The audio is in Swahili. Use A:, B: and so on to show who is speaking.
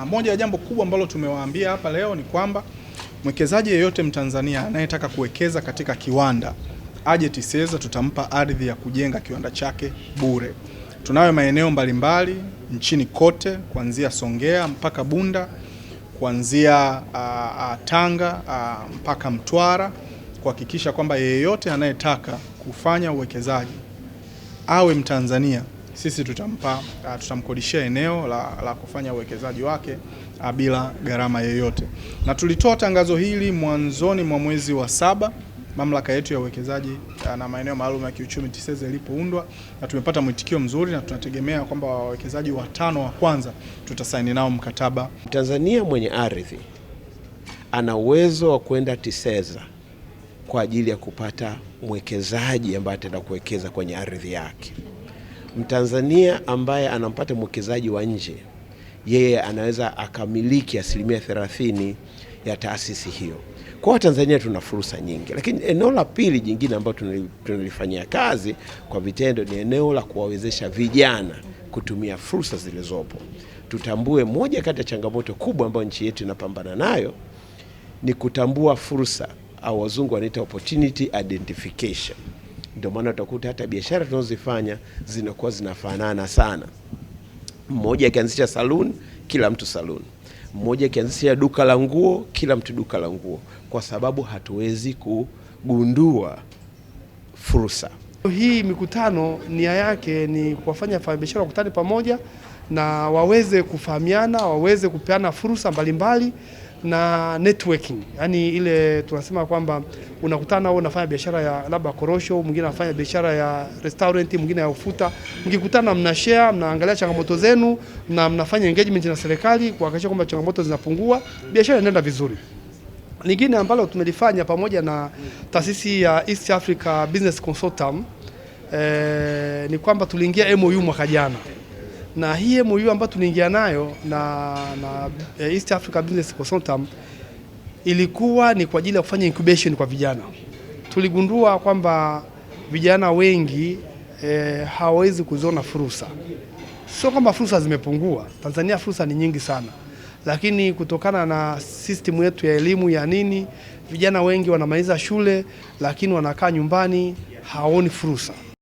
A: Na moja ya jambo kubwa ambalo tumewaambia hapa leo ni kwamba mwekezaji yeyote Mtanzania anayetaka kuwekeza katika kiwanda aje TISEZA, tutampa ardhi ya kujenga kiwanda chake bure. Tunayo maeneo mbalimbali nchini kote kuanzia Songea mpaka Bunda, kuanzia uh, Tanga uh, mpaka Mtwara, kuhakikisha kwamba yeyote anayetaka kufanya uwekezaji awe Mtanzania sisi tutampa uh, tutamkodishia eneo la, la kufanya uwekezaji wake uh, bila gharama yoyote. Na tulitoa tangazo hili mwanzoni mwa mwezi wa saba mamlaka yetu ya uwekezaji ah, na maeneo maalum ya kiuchumi TISEZA ilipoundwa, na tumepata mwitikio mzuri, na tunategemea kwamba wawekezaji watano wa kwanza tutasaini nao mkataba.
B: Mtanzania mwenye ardhi ana uwezo wa kwenda TISEZA kwa ajili ya kupata mwekezaji ambaye ataenda kuwekeza kwenye ardhi yake. Mtanzania ambaye anampata mwekezaji wa nje, yeye anaweza akamiliki asilimia 30 ya taasisi hiyo. Kwa Watanzania tuna fursa nyingi, lakini eneo la pili jingine ambalo tunalifanyia kazi kwa vitendo ni eneo la kuwawezesha vijana kutumia fursa zilizopo. Tutambue moja kati ya changamoto kubwa ambayo nchi yetu inapambana nayo ni kutambua fursa au wazungu wanaita opportunity identification. Ndio maana utakuta hata biashara tunazozifanya zinakuwa zinafanana sana. Mmoja akianzisha saluni, kila mtu saluni mmoja akianzisha duka la nguo kila mtu duka la nguo, kwa sababu hatuwezi kugundua fursa
A: hii. Mikutano nia yake ni kuwafanya wafanyabiashara wakutane pamoja na waweze kufahamiana, waweze kupeana fursa mbalimbali na networking, yani ile tunasema kwamba unakutana wewe unafanya biashara ya labda korosho, mwingine anafanya biashara ya restaurant, mwingine ya ufuta. Mkikutana mna share, mnaangalia changamoto zenu na mnafanya engagement na serikali kuhakikisha kwamba changamoto zinapungua, biashara inaenda vizuri. Lingine ambalo tumelifanya pamoja na taasisi ya East Africa Business Consortium eh, ni kwamba tuliingia MOU mwaka jana na hii MOU ambayo tuliingia nayo na, na eh, East Africa Business Consortium ilikuwa ni kwa ajili ya kufanya incubation kwa vijana. Tuligundua kwamba vijana wengi e, hawawezi kuziona fursa. Sio kwamba fursa zimepungua, Tanzania fursa ni nyingi sana, lakini kutokana na system yetu ya elimu ya nini, vijana wengi wanamaliza shule lakini wanakaa nyumbani, hawaoni fursa.